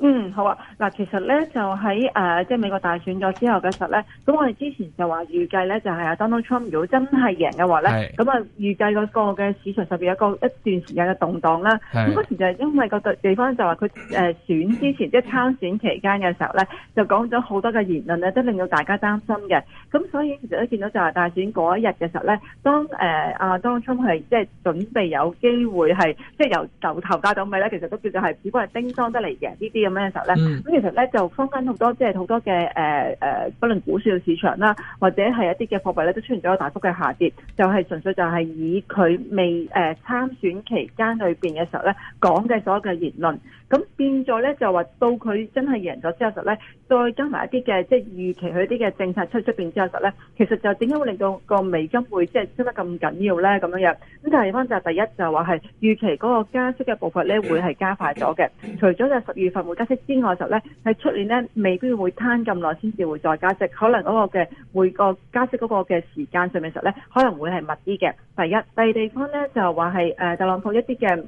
嗯，好啊。嗱，其實咧就喺誒、呃，即係美國大選咗之後嘅時候咧，咁我哋之前就話預計咧就係、是、阿 Donald Trump 如果真係贏嘅話咧，咁啊預計嗰個嘅市場上面有個一段時間嘅動盪啦。咁嗰時就係因為個地方就話佢誒選之前，即係參選期間嘅時候咧，就講咗好多嘅言論咧，都令到大家擔心嘅。咁所以其實都見到就係大選嗰一日嘅時候咧，當誒阿、呃啊、Donald Trump 係即係準備有機會係即係由頭到頭到尾咧，其實都叫做係只不過係叮噹得嚟嘅呢啲咁時候咧，咁、嗯、其實咧就坊間好多即係好多嘅誒誒，不論股市嘅市場啦，或者係一啲嘅貨幣咧，都出現咗個大幅嘅下跌。就係、是、純粹就係以佢未誒、呃、參選期間裏面嘅時候咧講嘅所有嘅言論，咁變咗咧就話到佢真係贏咗之後呢，咧，再加埋一啲嘅即係預期佢啲嘅政策出出邊之後呢，咧，其實就點解會令到個美金會即係升得咁緊要咧咁樣樣？咁但係方就係第一就話係預期嗰個加息嘅步伐咧會係加快咗嘅，除咗就十月份會加息之外就咧，喺出年咧未必會攤咁耐先至會再加息，可能嗰個嘅每個加息嗰個嘅時間上面實咧可能會係密啲嘅。第一，第二地方咧就話係誒特朗普一啲嘅。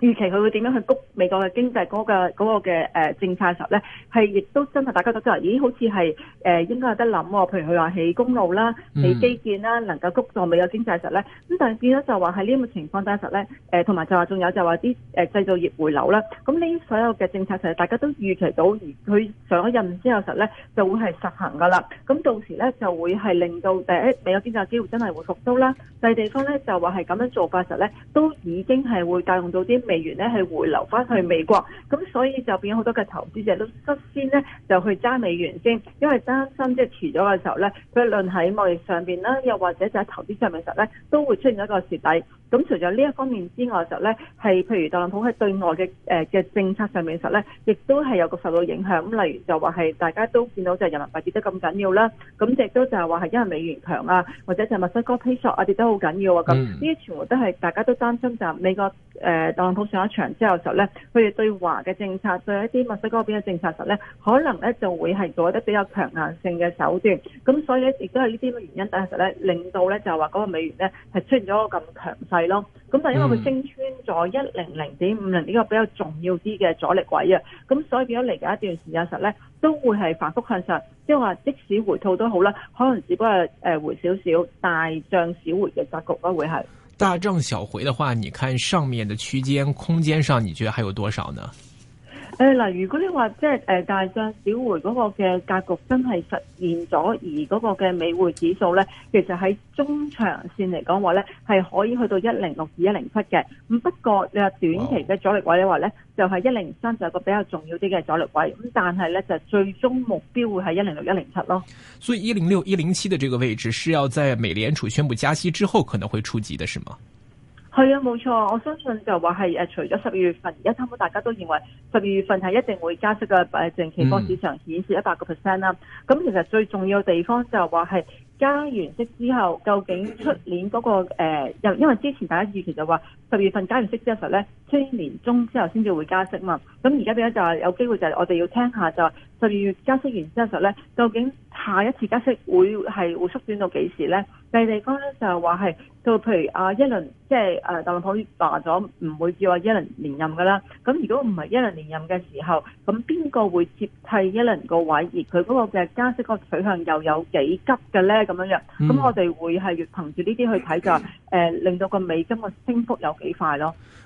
預期佢會點樣去谷美國嘅經濟嗰個嗰個嘅、呃、政策實咧，係亦都真係大家都覺得話，咦好似係誒應該有得諗喎、哦。譬如佢話起公路啦、起基建啦，能夠谷助美國經濟實咧。咁但係變咗就話喺呢咁情況底下實咧，同埋就話仲有就話啲誒製造業回流啦。咁呢啲所有嘅政策其實呢大家都預期到，而佢上咗任之後實呢就會係實行㗎啦。咁到時呢，就會係令到誒美國經濟機會真係會復甦啦。第二個地方呢，就話係咁樣做法實美元咧係回流翻去美國，咁所以就變咗好多嘅投資者都率先咧就去揸美元先，因為擔心即係遲咗嘅時候咧，無論喺貿易上邊啦，又或者就係投資上面嘅時候咧，都會出現一個蝕底。咁除咗呢一方面之外，就咧係譬如特朗普喺對外嘅、呃、嘅政策上面實咧，亦都係有個受到影響。咁例如就話係大家都見到就人民幣跌得咁緊要啦，咁亦都就係話係因為美元強啊，或者就墨西哥披索啊跌得好緊要啊，咁呢啲全部都係大家都擔心就美國誒特朗普上咗場之後實咧，佢哋對華嘅政策，對一啲墨西哥邊邊嘅政策實咧，可能咧就會係做啲比較強硬性嘅手段。咁所以咧，亦都係呢啲原因，但係實咧令到咧就話嗰個美元咧係出現咗個咁強勢。係咯，咁但係因為佢升穿咗一零零點五零呢個比較重要啲嘅阻力位啊，咁所以變咗嚟緊一段時間實咧都會係反覆向上，即係話即使回吐都好啦，可能只不過係誒回少少，大漲小回嘅格局咯會係。大漲小回嘅話，你看上面嘅區間空間上，你覺得還有多少呢？誒嗱，如果你話即係誒大漲小回嗰個嘅格局真係實現咗，而嗰個嘅美匯指數咧，其實喺中長線嚟講話咧，係可以去到一零六至一零七嘅。咁不過你話短期嘅阻力位嘅話咧就係一零三，就係個比較重要啲嘅阻力位。咁但係咧就最終目標會係一零六一零七咯。所以一零六一零七的這個位置是要在美聯儲宣布加息之後可能會觸及的，是嗎？係啊，冇錯，我相信就話係除咗十二月份，而家差唔多大家都認為十二月份係一定會加息嘅誒，淨期貨市場顯示一百個 percent 啦。咁、啊嗯、其實最重要嘅地方就係話係加完息之後，究竟出年嗰、嗰個又、呃、因為之前大家預期就話十二月份加完息之後咧，出年中之後先至會加息嘛。咁而家變咗就係有機會就係我哋要聽下就十二月加息完之後咧，究竟下一次加息會係會縮短到幾時咧？第二個咧就係話係到，譬如啊，一輪即係誒，特朗普話咗唔會接阿一輪連任噶啦。咁如果唔係一輪連任嘅時候，咁邊個會接替一輪個位？而佢嗰個嘅加息個取向又有幾急嘅咧？咁樣樣，咁我哋會係憑住呢啲去睇就誒，令到個美金個升幅有幾快咯。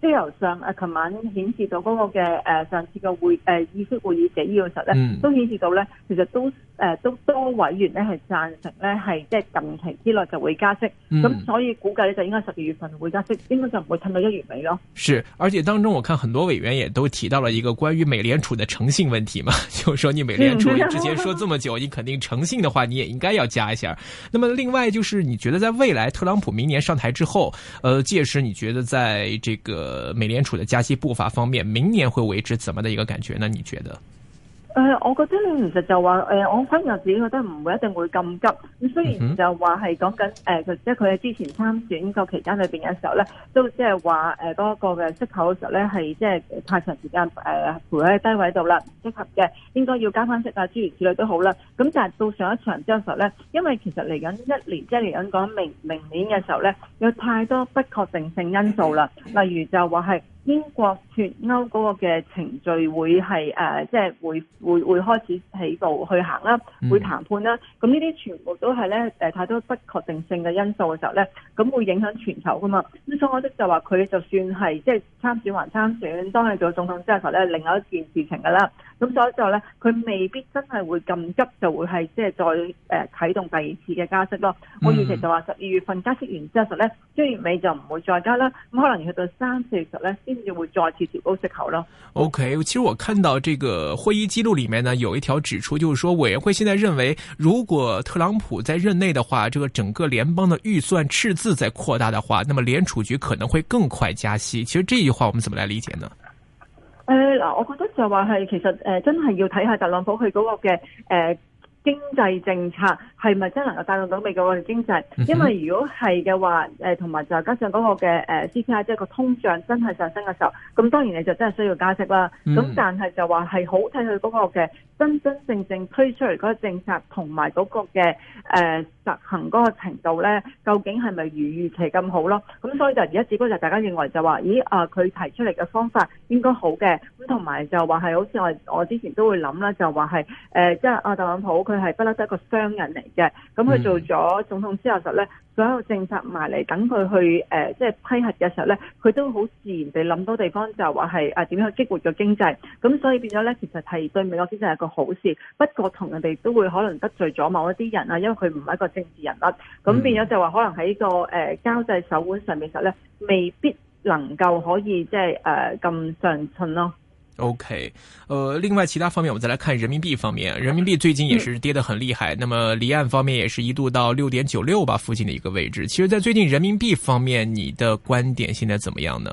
即係由上誒琴、啊、晚顯示到嗰、那個嘅誒、啊、上次嘅會誒議息會議嘅呢、啊、個時候咧，嗯、都顯示到咧，其實都。.都多委員呢，係贊成呢，係即係近期之內就會加息，咁所以估計呢，就應該十二月份會加息，應該就唔會撐到一月尾咯。是而且當中我看很多委員也都提到了一個關於美聯儲的誠信問題嘛，就是說你美聯儲你之前說這麼久，你肯定誠信的話，你也應該要加一下。那麼另外就是，你覺得在未來特朗普明年上台之後，呃，屆時你覺得在這個美聯儲的加息步伐方面，明年會維持怎麼的一個感覺呢？你覺得？誒，我覺得你其實就話、呃、我反而自己覺得唔會一定會咁急。咁雖然就話係講緊誒，佢、呃、即係佢喺之前參選個期間裏面嘅時候咧，都即係話誒嗰個嘅息口嘅時候咧，係即係太長時間、呃、陪喺低位度啦，唔適合嘅，應該要加翻息啊，諸如此類都好啦。咁但係到上一場之後嘅時候咧，因為其實嚟緊一年，即係嚟緊講明明年嘅時候咧，有太多不確定性因素啦，例如就話係。英國脫歐嗰個嘅程序會係誒、啊，即係會會會開始起步去行啦，會談判啦。咁呢啲全部都係咧誒，太多不確定性嘅因素嘅時候咧，咁會影響全球噶嘛。咁所以我都就話佢就算係即係參選還參選，當係做總統之後咧，另外一件事情㗎啦。咁所以之後咧，佢未必真係會咁急就會係即係再誒、呃、啟動第二次嘅加息咯。我預期就話十二月份加息完之後咧，將月尾就唔會再加啦。咁可能去到三四月的時候咧，呢。就會再次調高息口咯。OK，其實我看到這個會議記錄裏面呢，有一條指出，就是說委員會現在認為，如果特朗普在任內的話，這個整個聯邦的預算赤字在擴大的話，那麼聯儲局可能會更快加息。其實這句話我們怎麼來理解呢？誒，嗱，我覺得就話係，其實誒、呃，真係要睇下特朗普佢嗰個嘅誒、呃、經濟政策。係咪真能夠帶動到美國嘅經濟？因為如果係嘅話，誒同埋就加上嗰個嘅誒，CPI 即係個通脹真係上升嘅時候，咁當然你就真係需要加息啦。咁、嗯、但係就話係好睇佢嗰個嘅真真正正推出嚟嗰個政策同埋嗰個嘅誒、呃、實行嗰個程度咧，究竟係咪如預期咁好咯？咁所以就而家只不過就大家認為就話，咦啊，佢提出嚟嘅方法應該好嘅。咁同埋就話係好似我我之前都會諗啦，就話係誒，即係阿特朗普佢係不嬲得一個商人嚟。嘅，咁佢、嗯、做咗總統之後，實咧所有政策埋嚟，等佢去即係、呃就是、批核嘅時候咧，佢都好自然地諗到地方就是是，就話係誒點樣去激活咗經濟，咁所以變咗咧，其實係對美國經濟係一個好事。不過同人哋都會可能得罪咗某一啲人啊，因為佢唔係一個政治人物，咁變咗就話可能喺、呢個誒、呃、交際手腕上面實咧，未必能夠可以即係誒咁上進咯。O、okay, K，呃，另外其他方面，我們再來看人民幣方面，人民幣最近也是跌得很厲害，嗯、那麼離岸方面也是一度到六點九六吧附近的一個位置。其實，在最近人民幣方面，你的觀點現在怎麼樣呢？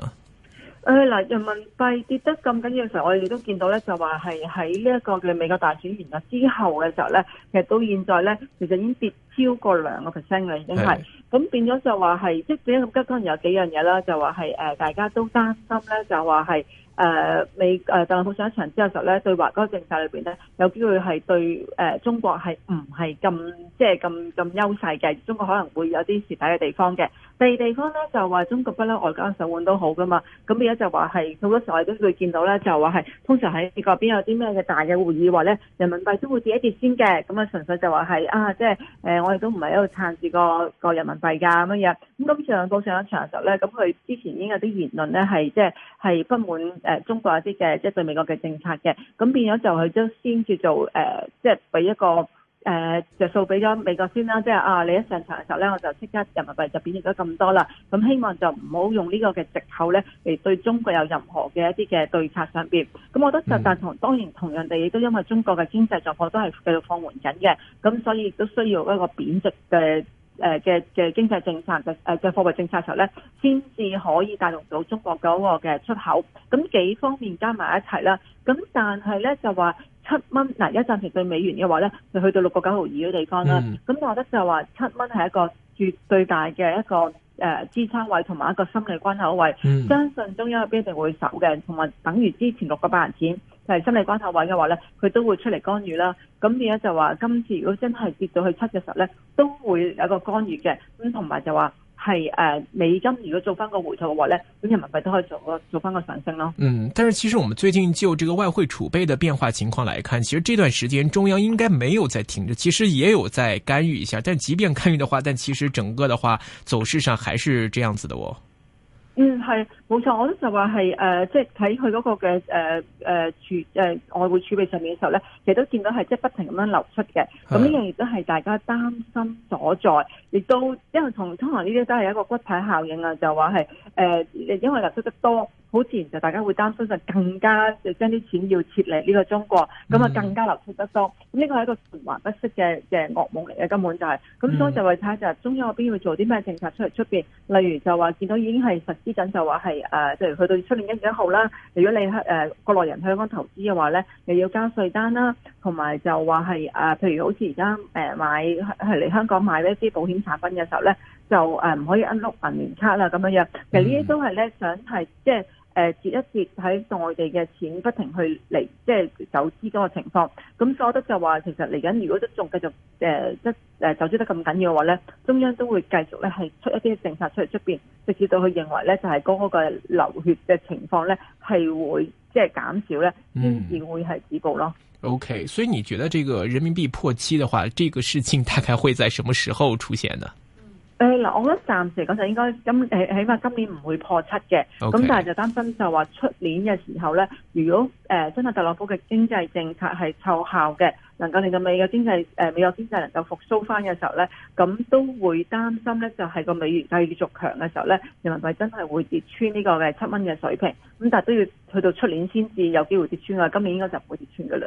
誒嗱、呃，人民幣跌得咁緊要嘅時候，我哋都見到咧，就話係喺呢一個嘅美國大選完咗之後嘅時候咧，其實到現在咧，其實已經跌，超過兩個 percent 啦已經係，咁的變咗就話、是、係、就是，即係點解咁急？當然有幾樣嘢啦，就話係、呃、大家都擔心咧，就話係誒美誒、呃、特朗普上一場之後咧，就對華嗰個政策裏面咧，有機會係對誒、呃、中國係唔係咁即係咁咁優勢嘅，中國可能會有啲蝕底嘅地方嘅。第二地方咧就話中國不嬲，外交手腕都好噶嘛，咁而家就話係好多時候，你都會見到咧，就話係通常喺美國邊有啲咩嘅大嘅會議話咧人民幣都會跌一跌先嘅，咁啊純粹就話係啊，即係誒。呃我哋都唔係一個撐住個個人民幣㗎咁樣，咁今上個上一場實咧，咁佢之前已經有啲言論咧，係即係係不滿誒中國一啲嘅即係對美國嘅政策嘅，咁變咗就佢都先叫做誒，即係俾一個。誒，著數俾咗美國先啦，即係啊，你一上場嘅時候咧，我就即刻人民幣就貶值咗咁多啦。咁希望就唔好用個呢個嘅藉口咧，嚟對中國有任何嘅一啲嘅對策上面。咁我覺得就但同當然同樣地，亦都因為中國嘅經濟狀況都係繼續放緩緊嘅，咁所以亦都需要一個貶值嘅。誒嘅嘅經濟政策就嘅貨幣政策時候咧，先至可以帶動到中國嗰個嘅出口。咁幾方面加埋一齊啦。咁但係咧就話七蚊嗱，一陣時對美元嘅話咧，就去到六個九毫二嘅地方啦。咁我覺得就話七蚊係一個絕對大嘅一個誒、呃、支撐位同埋一個心理關口位。嗯、相信中央係一定會守嘅，同埋等於之前六個八毫錢，係心理關口位嘅話咧，佢都會出嚟干預啦。咁而家就話，今次如果真係跌到去七嘅時候咧，都會有一個干預嘅。咁同埋就話係誒美金如果做翻個回頭嘅話咧，咁人民幣都可以做個做翻個上升咯。嗯，但是其實我們最近就這個外匯儲備的變化情況來看，其實這段時間中央應該沒有在停着，其實也有在干預一下。但即便干預的話，但其實整個的話，走勢上還是這樣子的哦。嗯，係冇錯，我都就話係誒，即係睇佢嗰個嘅誒、呃、儲、呃、外匯儲備上面嘅時候咧，其實都見到係即係不停咁樣流出嘅，咁呢樣亦都係大家擔心所在，亦都因為同通常呢啲都係一個骨牌效應啊，就話係誒，因為流出得多。好自然就大家會擔心就更加就將啲錢要撤離呢個中國，咁啊、嗯、更加流出得多，咁、這、呢個係一個循環不息嘅嘅噩夢嚟嘅根本就係、是，咁、嗯、所以就會睇就中央嗰邊要做啲咩政策出嚟出面？例如就話見到已經係實施緊就話係誒，即、呃、係去到出年一月一號啦，如果你香誒、呃、國內人去香港投資嘅話咧，又要加稅單啦，同埋就話係誒，譬如好似而家誒買嚟香港買一啲保險產品嘅時候咧，就誒唔、呃、可以碌銀聯卡啦咁樣樣，其實呢啲都係咧想係即誒節一截喺內地嘅錢不停去嚟，即係走資嗰個情況。咁所以，我覺得就話其實嚟緊，如果都仲繼續誒一誒走資得咁緊要嘅話咧，中央都會繼續咧係出一啲政策出嚟出邊，直至到佢認為咧就係嗰個流血嘅情況咧係會即係減少咧，甚至、嗯、會係止步咯。OK，所以你覺得呢個人民幣破七嘅話，呢個事情大概會在什麼時候出現呢？誒，嗱、呃，我覺得暫時嚟講就應該，咁誒起碼今年唔會破七嘅，咁 Okay. 但係就擔心就話出年嘅時候咧，如果誒真係特朗普嘅經濟政策係奏效嘅，能夠令到美國經濟，誒、呃、美國經濟能夠復甦翻嘅時候咧，咁都會擔心咧，就係個美元繼續強嘅時候咧，人民幣真係會跌穿呢個嘅七蚊嘅水平，咁但係都要去到出年先至有機會跌穿啊，今年應該就唔會跌穿噶啦。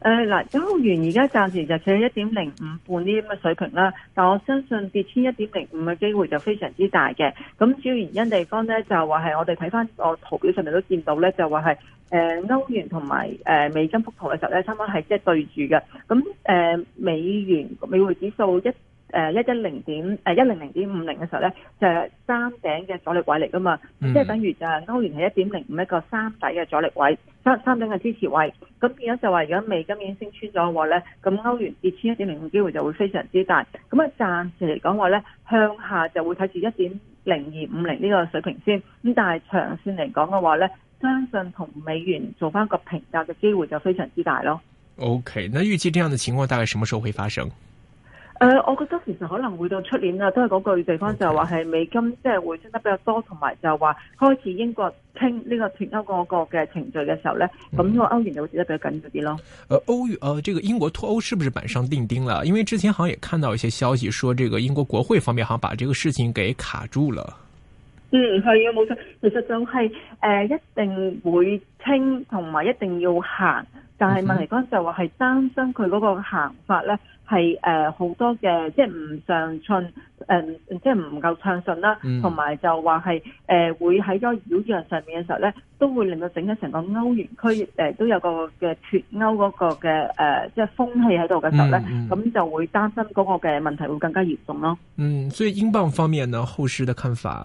誒嗱、呃，歐元而家暫時就企喺一點零五半呢咁嘅水平啦，但我相信跌穿一點零五嘅機會就非常之大嘅。咁主要原因地方咧，就話係我哋睇翻我圖表上面都見到咧，就話係誒歐元同埋美金幅圖嘅時候咧，差唔多係即係對住嘅。咁、呃、美元美匯指數一。誒，一一零點誒，一零零點五零嘅時候咧，就係、是、三頂嘅阻力位嚟㗎嘛，嗯、即係等於啊，歐元係一點零五一個三底嘅阻力位，三三頂嘅支持位。咁變咗就話，如果美金已經升穿咗嘅話咧，咁歐元跌穿一點零五嘅機會就會非常之大。咁啊，暫時嚟講話咧，向下就會睇住一點零二五零呢個水平先。咁但係長線嚟講嘅話咧，相信同美元做返個平價嘅機會就非常之大咯。OK，那預計這樣嘅情況大概什麼時候會發生？誒、呃，我覺得其實可能會到出年啦，啊，都係嗰句地方就係話係美金，即、就、係、是、會升得比較多，同埋就話開始英國傾呢個脱歐個嘅程序嘅時候咧，咁、嗯、個歐元就會跌得比較緊咗啲咯。誒、呃，歐元誒、呃，這個英國脱歐是不是板上釘釘啦？因為之前好像也看到一些消息，說這個英國國會方面好像把這個事情給卡住了。嗯，係啊，冇錯，其實就係、是、誒、呃，一定會傾，同埋一定要行。但係問題嗰陣就話係擔心佢嗰個行法咧係好多嘅即係唔上進誒、呃、即係唔夠暢順啦，同埋、嗯、就話係、呃、會喺嗰個擾攘上面嘅時候咧，都會令到整個成個歐元區誒、呃、都有個嘅脱歐嗰個嘅誒、呃、即係風氣喺度嘅時候咧，咁、嗯嗯、就會擔心嗰個嘅問題會更加嚴重咯。嗯，所以英鎊方面呢，後市嘅看法？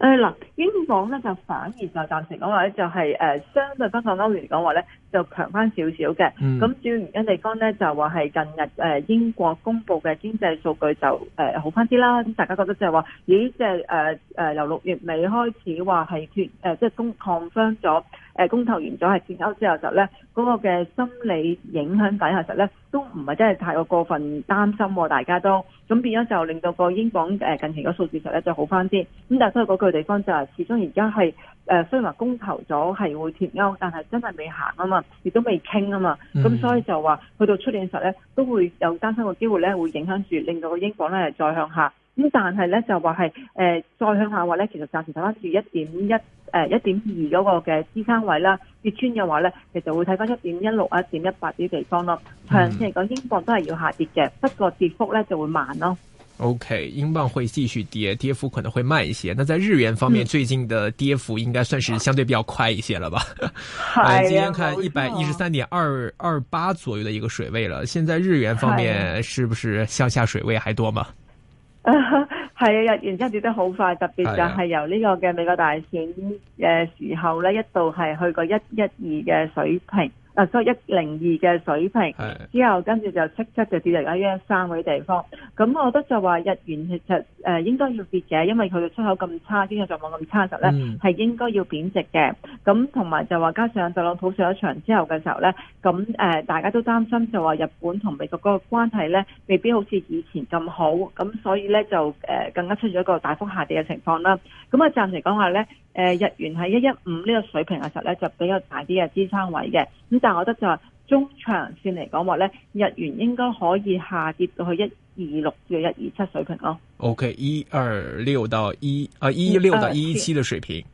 嗱、哎。英鎊咧就反而就暫時講話咧，就係誒相對翻個歐元嚟講話咧，就強翻少少嘅。咁主要原因地方咧就話係近日誒英國公布嘅經濟數據就誒好翻啲啦。咁大家覺得就係話咦，即係誒由六月尾開始話係脱即係公抗爭咗公投完咗係脱歐之後就咧嗰個嘅心理影響底下，其實咧都唔係真係太過過分擔心，大家都咁變咗就令到個英鎊近期個數字實咧就好翻啲。咁但係所以嗰句地方就係、是。始終而家係誒雖然話公投咗係會脫歐，但係真係未行啊嘛，亦都未傾啊嘛，咁、mm hmm。所以就話去到出年時候咧都會有擔心嘅機會咧，會影響住令到個英鎊咧係再向下。咁但係咧就話係誒再向下的話咧，其實暫時睇翻住一點一誒一點二嗰個嘅支撐位啦。跌穿嘅話咧，其實會睇翻一點一六一點一八啲地方咯。長期嚟講，英鎊都係要下跌嘅，不過跌幅咧就會慢咯。OK，英鎊會繼續跌，跌幅可能會慢一些。那在日元方面，嗯、最近的跌幅應該算是相對比較快一些了吧？啊、 今天看一百一十三點二二八左右的一個水位了。現在日元方面是不是向下水位還多嗎？啊哈，係啊，日元真係跌得好快，特別就係由呢個嘅美國大選嘅時候呢，一度係去過一一二嘅水平。啊，所以一零二嘅水平，的之後跟住就七七就跌到一一三位地方。咁我覺得就話日元其實誒應該要跌嘅，因為佢嘅出口咁差，經濟狀況咁差嘅時候咧，係、嗯、應該要貶值嘅。咁同埋就話加上特朗普上咗場之後嘅時候咧，咁、呃、大家都擔心就話日本同美國嗰個關係咧，未必好似以前咁好。咁所以咧就誒、呃、更加出咗一個大幅下跌嘅情況啦。咁啊暫時講話咧。誒，日元係一一五呢個水平嘅時候咧，就比較大啲嘅支撐位嘅。咁但係我覺得就係中長線嚟講話咧，日元應該可以下跌到去一二六到一二七水平咯。哦。1> OK，一二六到一，啊，一一六到一一七嘅水平。嗯嗯嗯。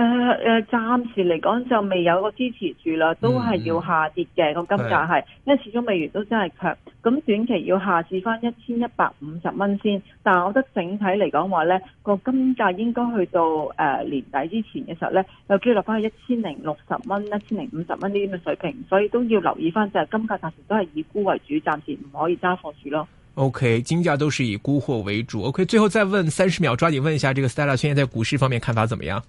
誒、呃、暫時嚟講就未有個支持住啦，都係要下跌嘅個、嗯、金價係，因為始終美元都真係強，咁、嗯、短期要下試翻一千一百五十蚊先。但係我覺得整體嚟講話呢個金價應該去到誒、呃、年底之前嘅時候呢又跌落翻一千零六十蚊、一千零五十蚊呢啲嘅水平，所以都要留意翻就係金價暫時都係以沽為主，暫時唔可以揸貨住咯。OK，金價都是以沽貨為主。OK，最後再問三十秒，抓緊問一下，這個 Stella 現在在股市方面看法怎麼樣？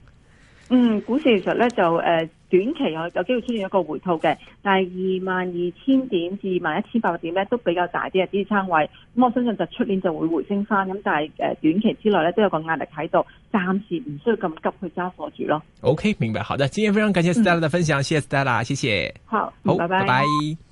嗯，股市其實咧就誒、呃、短期有有機會出現一個回吐嘅，但係二萬二千點至二萬一千八百點咧都比較大啲嘅支撐位，咁我相信就出年就會回升翻，咁但係誒、呃、短期之內咧都有個壓力喺度，暫時唔需要咁急去揸貨住咯。O、okay, K，明白好啦，今日非常感謝 Stella 嘅分享，嗯、謝謝 Stella，謝謝。好，好，拜拜 bye。Bye bye